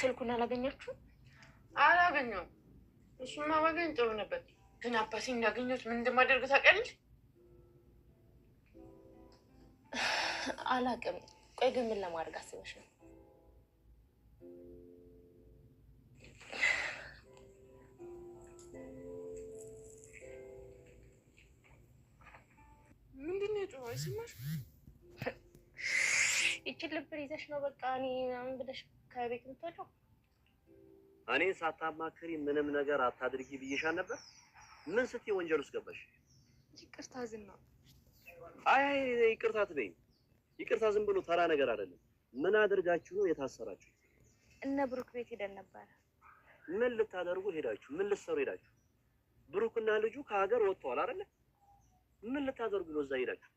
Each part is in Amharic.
ስልኩን አላገኛችሁ? አላገኘው እሱማ ባገኝ ጥሩ ነበር። ግን አባቴ እንዳገኘት ምን እንደማደርግ ታውቂያለሽ? አላውቅም። ቆይ ግን ምን ለማድረግ አስበሽ ነው? ምንድን ነው የጮኸው? አይሰማሽም? ይችን ልብር ይዘሽ ነው በቃ እኔ ምናምን ብለሽ ከቤት የምትወጪው? እኔን ሳታማክሪ ምንም ነገር አታድርጊ ብዬሻል ነበር። ምን ስትይ ወንጀል ውስጥ ገባሽ? ይቅርታ ዝና። አይ ይቅርታ አትበይም። ይቅርታ ዝም ብሎ ተራ ነገር አይደለም። ምን አድርጋችሁ ነው የታሰራችሁ? እነ ብሩክ ቤት ሄደን ነበረ። ምን ልታደርጉ ሄዳችሁ? ምን ልትሰሩ ሄዳችሁ? ብሩክና ልጁ ከሀገር ወጥተዋል አይደለ? ምን ልታደርጉ ነው እዛ ሄዳችሁ?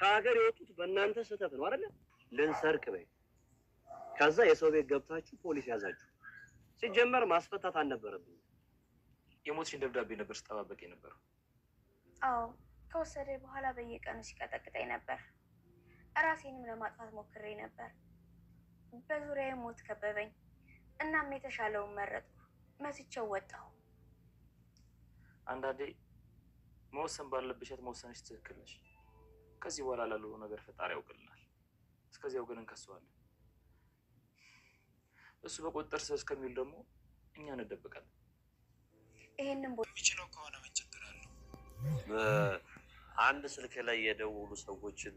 ከሀገር የወጡት በእናንተ ስህተት ነው አይደለ? ልንሰርቅ በይ። ከዛ የሰው ቤት ገብታችሁ ፖሊስ ያዛችሁ። ሲጀመር ማስፈታት አልነበረብኝ። የሞትሽን ደብዳቤ ነበር ስጠባበቅ የነበረው። አዎ ከወሰደ በኋላ በየቀኑ ሲቀጠቅጠኝ ነበር። እራሴንም ለማጥፋት ሞክሬ ነበር። በዙሪያ ሞት ከበበኝ። እናም የተሻለውን መረጥኩ። መስቸው ወጣሁ። አንዳንዴ መወሰን ባለብሸት መወሰንሽ ትክክል ነሽ። ከዚህ በኋላ ላሉ ነገር ፈጣሪ ያውቅልናል። እስከዚያው ግን እንከሰዋለን። እሱ በቁጥጥር ስር እስከሚውል ደግሞ እኛ እንደበቃለን። ይሄንን ቦታ የሚችለው ከሆነ ምን ችግር አለው? አንድ ስልክ ላይ የደወሉ ሰዎችን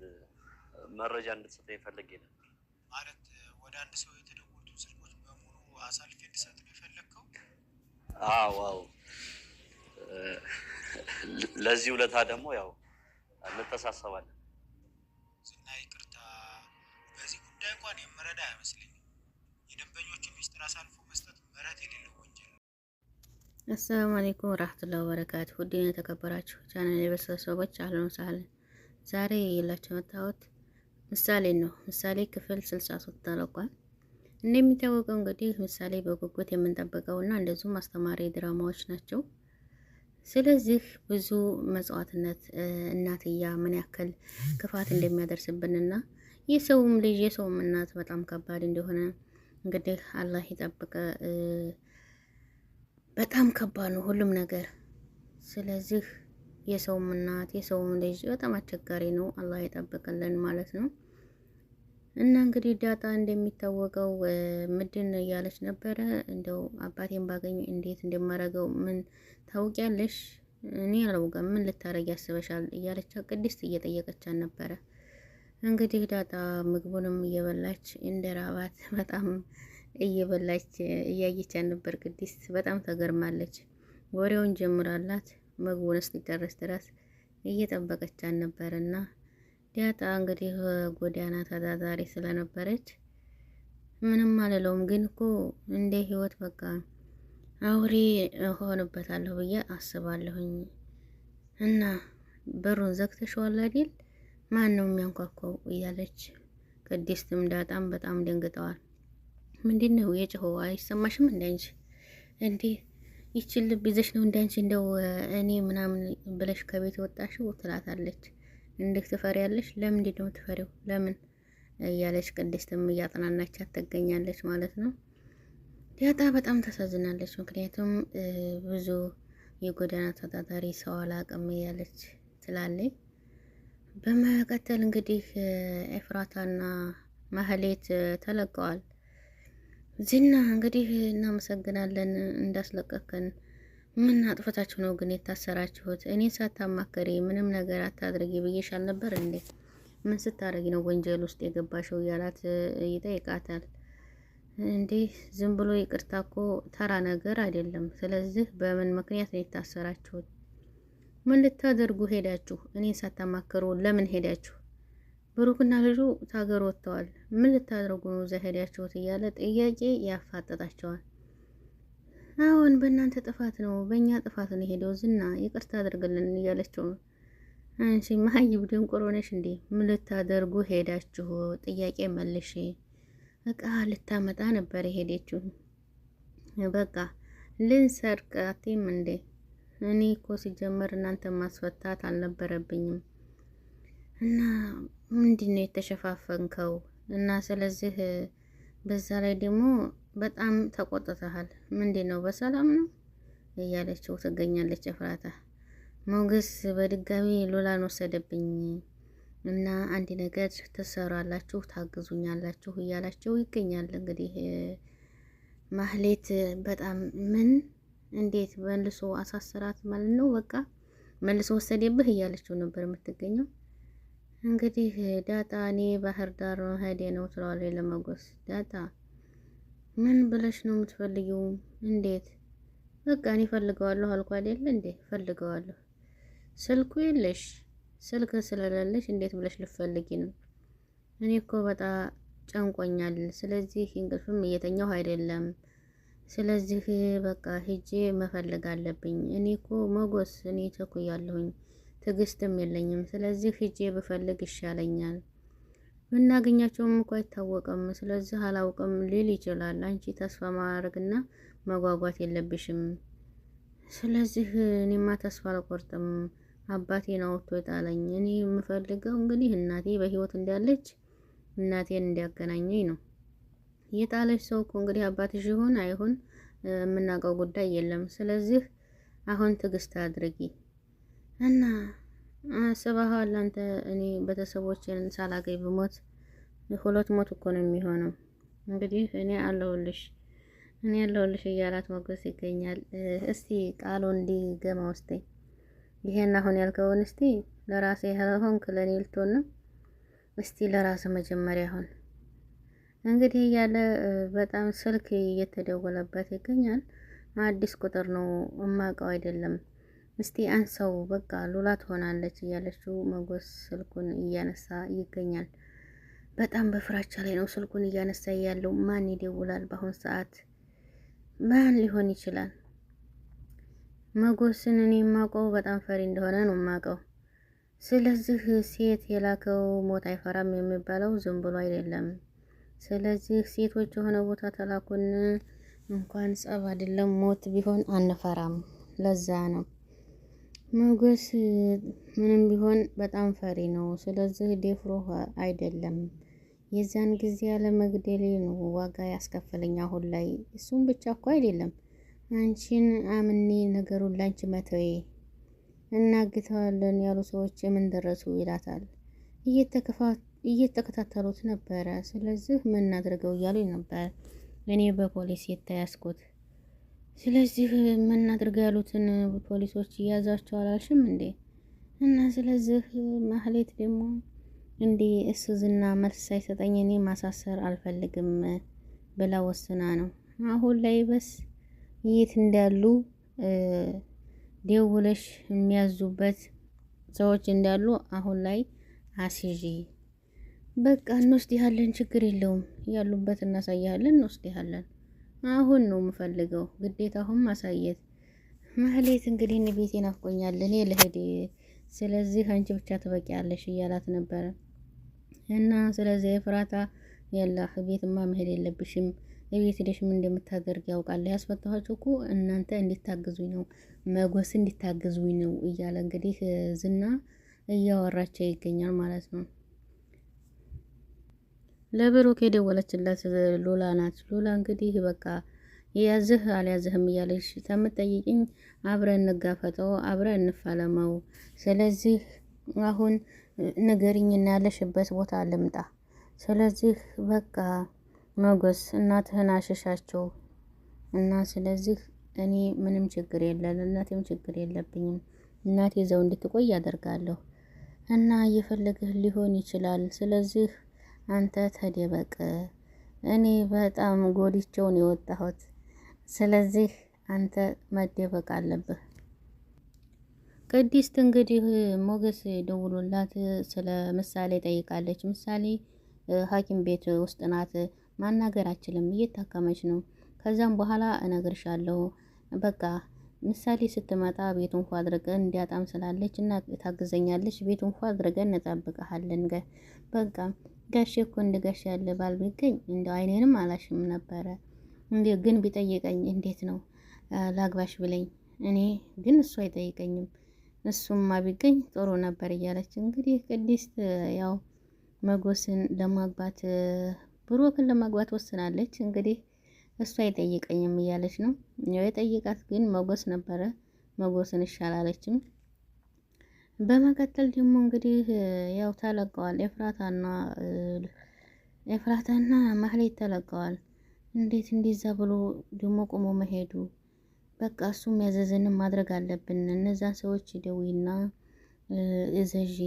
መረጃ እንድትሰጠኝ ፈልጌ ነበር። ማለት ወደ አንድ ሰው የተደወሉ ስልኮች በሙሉ አሳልፌ እንድሰጥ ነው የፈለግከው? አዎ አዎ። ለዚህ ውለታ ደግሞ ያው እንተሳሰባለን። ጉዳይ እንኳን የምረዳ አይመስለኝም። የደንበኞችን ሚስጥር አሳልፎ መስጠት ምሕረት የሌለው ወንጀል ነው። አሰላሙ አሌይኩም ወራህመቱላሂ ወበረካቱ። ውድ የተከበራችሁ ቻናል የቤተሰቦች አህለን ወሰህለን። ዛሬ የላቸው መታወት ምሳሌ ነው። ምሳሌ ክፍል ስልሳ ሶስት ተለቋል። እንደሚታወቀው እንግዲህ ምሳሌ በጉጉት የምንጠብቀውና እንደዚሁም አስተማሪ ድራማዎች ናቸው። ስለዚህ ብዙ መጽዋትነት እናትያ ምን ያክል ክፋት እንደሚያደርስብንና የሰውም ልጅ የሰውም እናት በጣም ከባድ እንደሆነ እንግዲህ አላህ ይጠብቀ። በጣም ከባድ ነው ሁሉም ነገር። ስለዚህ የሰውም እናት የሰውም ልጅ በጣም አስቸጋሪ ነው። አላህ ይጠብቅልን ማለት ነው። እና እንግዲህ ዳጣ እንደሚታወቀው ምድን እያለች ነበረ፣ እንደው አባቴን ባገኝ እንዴት እንደማረገው ምን ታውቂያለሽ? እኔ አላውቅም። ምን ልታረግ ያስበሻል? እያለች ቅድስት እየጠየቀቻን ነበረ እንግዲህ ዳጣ ምግቡንም እየበላች እንደራባት በጣም እየበላች እያየች ነበር። ቅድስት በጣም ተገርማለች። ወሬውን ጀምራላት ምግቡን እስኪጨርስ ድረስ እየጠበቀች እና ዳጣ እንግዲህ ጎዳና ተዳዳሪ ስለነበረች ምንም አልለውም፣ ግን እኮ እንደ ህይወት በቃ አውሬ እሆንበታለሁ ብዬ አስባለሁኝ እና በሩን ዘግተሽዋል አይደል? ማን ነው የሚያንኳኳው? እያለች ቅድስትም ዳጣም በጣም ደንግጠዋል። ምንድን ነው የጮኸው? አይሰማሽም እንዳንቺ እንዴ ይችል ቢዘሽ ነው እንዳንቺ እንደው እኔ ምናምን ብለሽ ከቤት ወጣሽው ትላታለች። እንዴት ትፈሪያለሽ? ለምንድን ነው ትፈሪው? ለምን እያለች ቅድስትም እያጠናናቻት ትገኛለች ማለት ነው። ዳጣ በጣም ታሳዝናለች። ምክንያቱም ብዙ የጎዳና ተዳዳሪ ሰው አላቅም እያለች ትላለች። በመቀጠል እንግዲህ ኤፍራታና ማህሌት ተለቀዋል። ዝና እንግዲህ እናመሰግናለን እንዳስለቀቅን። ምን አጥፈታችሁ ነው ግን የታሰራችሁት? እኔ ሳታማከሪ ምንም ነገር አታድርጊ ብዬሽ አልነበር እንዴ? ምን ስታደርጊ ነው ወንጀል ውስጥ የገባሽው? እያላት ይጠይቃታል። እንዴ ዝም ብሎ ይቅርታ እኮ ተራ ነገር አይደለም። ስለዚህ በምን ምክንያት ነው የታሰራችሁት? ምን ልታደርጉ ሄዳችሁ? እኔ ሳታማከሩ ለምን ሄዳችሁ? ብሩክና ልጁ ታገር ወጥተዋል። ምን ልታደርጉ ነው እዛ ሄዳችሁት? እያለ ጥያቄ ያፋጠጣቸዋል። አሁን በእናንተ ጥፋት ነው፣ በእኛ ጥፋት ነው ሄደው ዝና ይቅርታ አድርግልን እያለችው ነው። አንቺ መሀይብ ደንቆሮ ነሽ እንዴ? ምን ልታደርጉ ሄዳችሁ? ጥያቄ መልሽ። እቃ ልታመጣ ነበር የሄደችው። በቃ ልንሰርቃቴም እንዴ እኔ እኮ ሲጀመር እናንተ ማስፈታት አልነበረብኝም እና ምንድን ነው የተሸፋፈንከው? እና ስለዚህ በዛ ላይ ደግሞ በጣም ተቆጥተሃል። ምንድን ነው በሰላም ነው እያለችው ትገኛለች ኤፍራታ። ሞገስ በድጋሚ ሉላን ወሰደብኝ እና አንድ ነገር ትሰራላችሁ፣ ታግዙኛላችሁ እያላቸው ይገኛል። እንግዲህ ማህሌት በጣም ምን እንዴት መልሶ አሳሰራት ማለት ነው። በቃ መልሶ ወሰደብህ እያለችው ነበር የምትገኘው። እንግዲህ ዳጣ እኔ ባህር ዳር ሄዴ ነው ትለዋለች ለመጎስ። ዳጣ ምን ብለሽ ነው የምትፈልጊው? እንዴት በቃ እኔ ፈልገዋለሁ አልኩ አይደል እንዴ? ፈልገዋለሁ። ስልኩ የለሽ ስልክ ስለሌለሽ እንዴት ብለሽ ልፈልጊ ነው? እኔ እኮ በጣም ጨንቆኛል። ስለዚህ እንቅልፍም እየተኛሁ አይደለም ስለዚህ በቃ ሂጄ መፈለግ አለብኝ። እኔ እኮ መጎስ እኔ ያለሁኝ ትዕግስትም የለኝም። ስለዚህ ሂጄ ብፈልግ ይሻለኛል። ብናገኛቸውም እኮ አይታወቅም። ስለዚህ አላውቅም ሊል ይችላል። አንቺ ተስፋ ማድረግና መጓጓት የለብሽም። ስለዚህ እኔማ ተስፋ አልቆርጥም። አባቴ ነው አውጥቶ የጣለኝ። እኔ የምፈልገው እንግዲህ እናቴ በህይወት እንዳለች እናቴን እንዲያገናኘኝ ነው። የጣለች ሰው እኮ እንግዲህ አባትሽ ይሁን አይሁን የምናውቀው ጉዳይ የለም። ስለዚህ አሁን ትዕግስት አድርጊ እና አስበሃል አንተ እኔ ቤተሰቦቼን ሳላገኝ ብሞት ሁለት ሞት እኮ ነው የሚሆነው። እንግዲህ እኔ አለሁልሽ እኔ አለሁልሽ እያላት ሞገስ ይገኛል። እስቲ ቃሉ እንዲገማ ውስጤ ይሄን አሁን ያልከውን እስቲ ለራሴ ሆንክ ለኔ ልትሆን ነው። እስቲ ለራስ መጀመሪያ ሆን እንግዲህ እያለ በጣም ስልክ እየተደወለበት ይገኛል። አዲስ ቁጥር ነው እማውቀው አይደለም፣ እስቲ አንሰው በቃ ሉላ ትሆናለች እያለችው መጎስ ስልኩን እያነሳ ይገኛል። በጣም በፍራቻ ላይ ነው ስልኩን እያነሳ ያለው። ማን ይደውላል በአሁን ሰዓት? ማን ሊሆን ይችላል? መጎስን እኔ የማውቀው በጣም ፈሪ እንደሆነ ነው የማውቀው። ስለዚህ ሴት የላከው ሞት አይፈራም የሚባለው ዝም ብሎ አይደለም። ስለዚህ ሴቶች የሆነ ቦታ ተላኩን እንኳን ጸብ አይደለም ሞት ቢሆን አንፈራም። ለዛ ነው ሞገስ ምንም ቢሆን በጣም ፈሪ ነው። ስለዚህ ደፍሮ አይደለም የዛን ጊዜ ያለ መግደሌ ነው ዋጋ ያስከፈለኝ። አሁን ላይ እሱም ብቻ እኮ አይደለም አንቺን አምኔ ነገሩን ላንቺ መተዌ እናግተዋለን ያሉ ሰዎች የምን ደረሱ ይላታል እየተከፋት እየተከታተሉት ነበረ። ስለዚህ ምን እናድርገው እያሉ ነበር። እኔ በፖሊስ የተያዝኩት ስለዚህ ምን እናድርገው ያሉትን ፖሊሶች እያዛቸው አላልሽም እንዴ? እና ስለዚህ ማህሌት ደግሞ እንዴ እሱ ዝና መልስ ሳይሰጠኝ እኔ ማሳሰር አልፈልግም ብላ ወስና ነው። አሁን ላይ በስ የት እንዳሉ ደውለሽ የሚያዙበት ሰዎች እንዳሉ አሁን ላይ አስይዤ በቃ እንወስድሃለን፣ ችግር የለውም ያሉበት እናሳይሃለን፣ እንወስድሃለን። አሁን ነው የምፈልገው ግዴታ፣ አሁን ማሳየት ማህሌት እንግዲህ እኔ ቤቴ ናፍቆኛል፣ እኔ ልሄድ፣ ስለዚህ አንቺ ብቻ ትበቂያለሽ እያላት ነበረ እና ስለዚህ የፍራታ ያላ ቤትማ መሄድ የለብሽም ቤት ሄደሽ ምን እንደምታደርግ ያውቃል። ያስፈታኋችሁ እኮ እናንተ እንዲታግዙኝ ነው መጎስ እንዲታግዙኝ ነው እያለ እንግዲህ ዝና እያወራቸው ይገኛል ማለት ነው። ለብሩክ የደወለችለት ሉላ ናት። ሉላ እንግዲህ በቃ የያዝህ አልያዝህም እያለች ከምጠይቅኝ አብረን እንጋፈጠው፣ አብረን ንፋለመው ስለዚህ አሁን ንገሪኝና ያለሽበት ቦታ ልምጣ። ስለዚህ በቃ ሞገስ እናትህን አሸሻቸው እና ስለዚህ እኔ ምንም ችግር የለም፣ እናቴም ችግር የለብኝም። እናቴ ዘው እንድትቆይ ያደርጋለሁ እና እየፈለግህ ሊሆን ይችላል። ስለዚህ አንተ ተደበቅ፣ እኔ በጣም ጎድቼውን የወጣሁት ስለዚህ አንተ መደበቅ አለብህ። ቅድስት እንግዲህ ሞገስ ደውሎላት ስለ ምሳሌ ጠይቃለች። ምሳሌ ሐኪም ቤት ውስጥ ናት፣ ማናገር አችልም፣ እየታከመች ነው። ከዛም በኋላ እነግርሻለሁ በቃ ምሳሌ ስትመጣ ቤቱ እንኳ አድርገን እንዲያጣም ስላለች እና ታግዘኛለች። ቤቱ እንኳ አድርገን እንጠብቀሃለን። በቃ ጋሽ እኮ እንደ ጋሽ ያለ ባል ቢገኝ እንደው አይኔንም አላሽም ነበረ። እንዴ ግን ቢጠይቀኝ እንዴት ነው ላግባሽ ብለኝ እኔ ግን እሱ አይጠይቀኝም። እሱማ ቢገኝ ጥሩ ነበር እያለች እንግዲህ ቅድስት ያው መጎስን ለማግባት ብሩክን ለማግባት ወስናለች። እንግዲህ እሱ አይጠይቀኝም እያለች ነው። ያው የጠየቃት ግን መጎስ ነበረ። መጎስን ይሻላለችም በመቀጠል ደግሞ እንግዲህ ያው ተለቀዋል። ኤፍራታና ኤፍራታና ማህሌት ተለቀዋል። እንዴት እንዲዛ ብሎ ደግሞ ቆሞ መሄዱ በቃ እሱ የሚያዘዝንም ማድረግ አለብን። እነዛን ሰዎች ደዊና እዘዢ።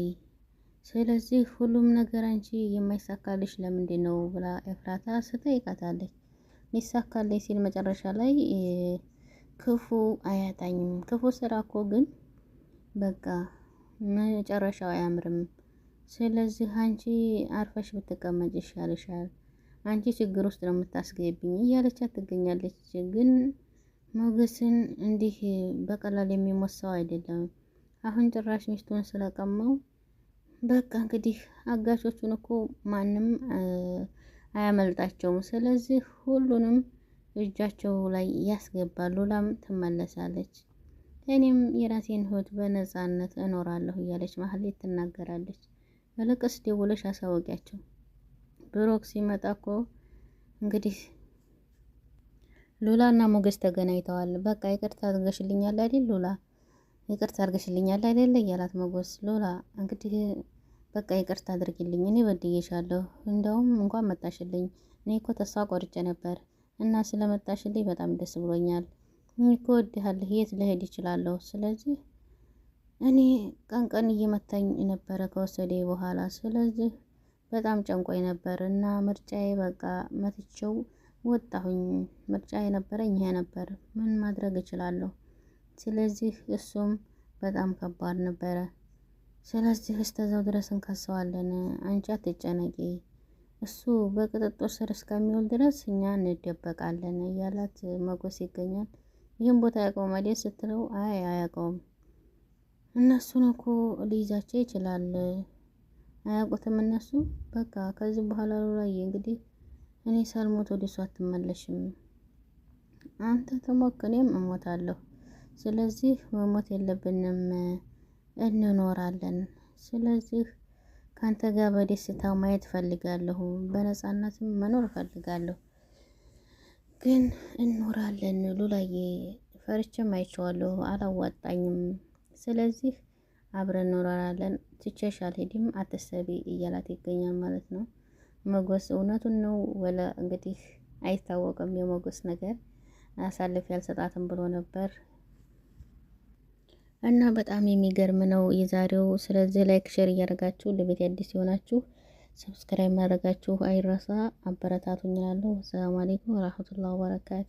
ስለዚህ ሁሉም ነገር አንቺ የማይሳካልሽ ለምንድን ነው ብላ ኤፍራታ ስትጠይቃታለች። ሊሳካልኝ ሲል መጨረሻ ላይ ክፉ አያጣኝም። ክፉ ስራ እኮ ግን በቃ መጨረሻው አያምርም። ስለዚህ አንቺ አርፈሽ ብትቀመጭ ይሻልሻል፣ አንቺ ችግር ውስጥ ነው የምታስገብኝ እያለቻት ትገኛለች። ግን ሞገስን እንዲህ በቀላል የሚሞሳው አይደለም። አሁን ጭራሽ ሚስቱን ስለቀማው በቃ እንግዲህ አጋቾቹን እኮ ማንም አያመልጣቸውም። ስለዚህ ሁሉንም እጃቸው ላይ ያስገባሉ ሉላም ትመለሳለች። እኔም የራሴን ህይወት በነጻነት እኖራለሁ እያለች ማህሌት ትናገራለች። በለቀስ ደውለሽ አሳወቂያቸው ብሮክ ሲመጣ እኮ እንግዲህ ሉላ እና ሞገስ ተገናኝተዋል። በቃ ይቅርታ አድርገሽልኛል አይደል ሉላ፣ ይቅርታ አድርገሽልኛል አይደል እያላት ሞገስ፣ ሉላ እንግዲህ በቃ ይቅርታ አድርግልኝ፣ እኔ በድዬሻለሁ። እንደውም እንኳን መጣሽልኝ፣ እኔ እኮ ተስፋ ቆርጬ ነበር እና ስለመጣሽልኝ በጣም ደስ ብሎኛል። እኮ እወድሃለሁ የት ልሄድ እችላለሁ ስለዚህ እኔ ቀን ቀን እየመታኝ ነበረ ከወሰደ በኋላ ስለዚህ በጣም ጨንቆኝ ነበር እና ምርጫዬ በቃ መትቼው ወጣሁኝ። ምርጫ የነበረኝ ይሄ ነበር፣ ምን ማድረግ እችላለሁ? ስለዚህ እሱም በጣም ከባድ ነበረ። ስለዚህ እስከዛው ድረስ እንከሰዋለን፣ አንቺ አትጨነቂ፣ እሱ በቁጥጥር ስር እስከሚውል ድረስ እኛ እንደበቃለን እያላት መጎስ ይገኛል። ይህን ቦታ ያቆማል ስትለው አይ አያውቀውም። እነሱን እኮ ሊይዛቸው ይችላል። አያውቁትም እነሱ። በቃ ከዚህ በኋላ ሉላዬ እንግዲህ እኔ ሳልሞት ወደ እሷ አትመለሽም። አንተ ተሞክ እኔም እሞታለሁ። ስለዚህ መሞት የለብንም እንኖራለን። ስለዚህ ከአንተ ጋር በደስታ ማየት ፈልጋለሁ፣ በነፃነትም መኖር ፈልጋለሁ። ግን እንኖራለን። ሉላዬ ፈርቼም አይቼዋለሁ፣ አላዋጣኝም። ስለዚህ አብረን እንኖራለን፣ ትቼሽ አልሄድም፣ አትሰቢ እያላት ይገኛል ማለት ነው። መጎስ እውነቱን ነው ወላ እንግዲህ አይታወቅም። የመጎስ ነገር አሳልፌ አልሰጣትም ብሎ ነበር እና በጣም የሚገርም ነው የዛሬው። ስለዚህ ላይክ ሼር እያደረጋችሁ ለቤት አዲስ ይሆናችሁ ሰብስክራይብ ማድረጋችሁ አይረሳ። አበረታቱኝ እላለሁ። ሰላም አለይኩም ወራህመቱላሂ ወበረካቱ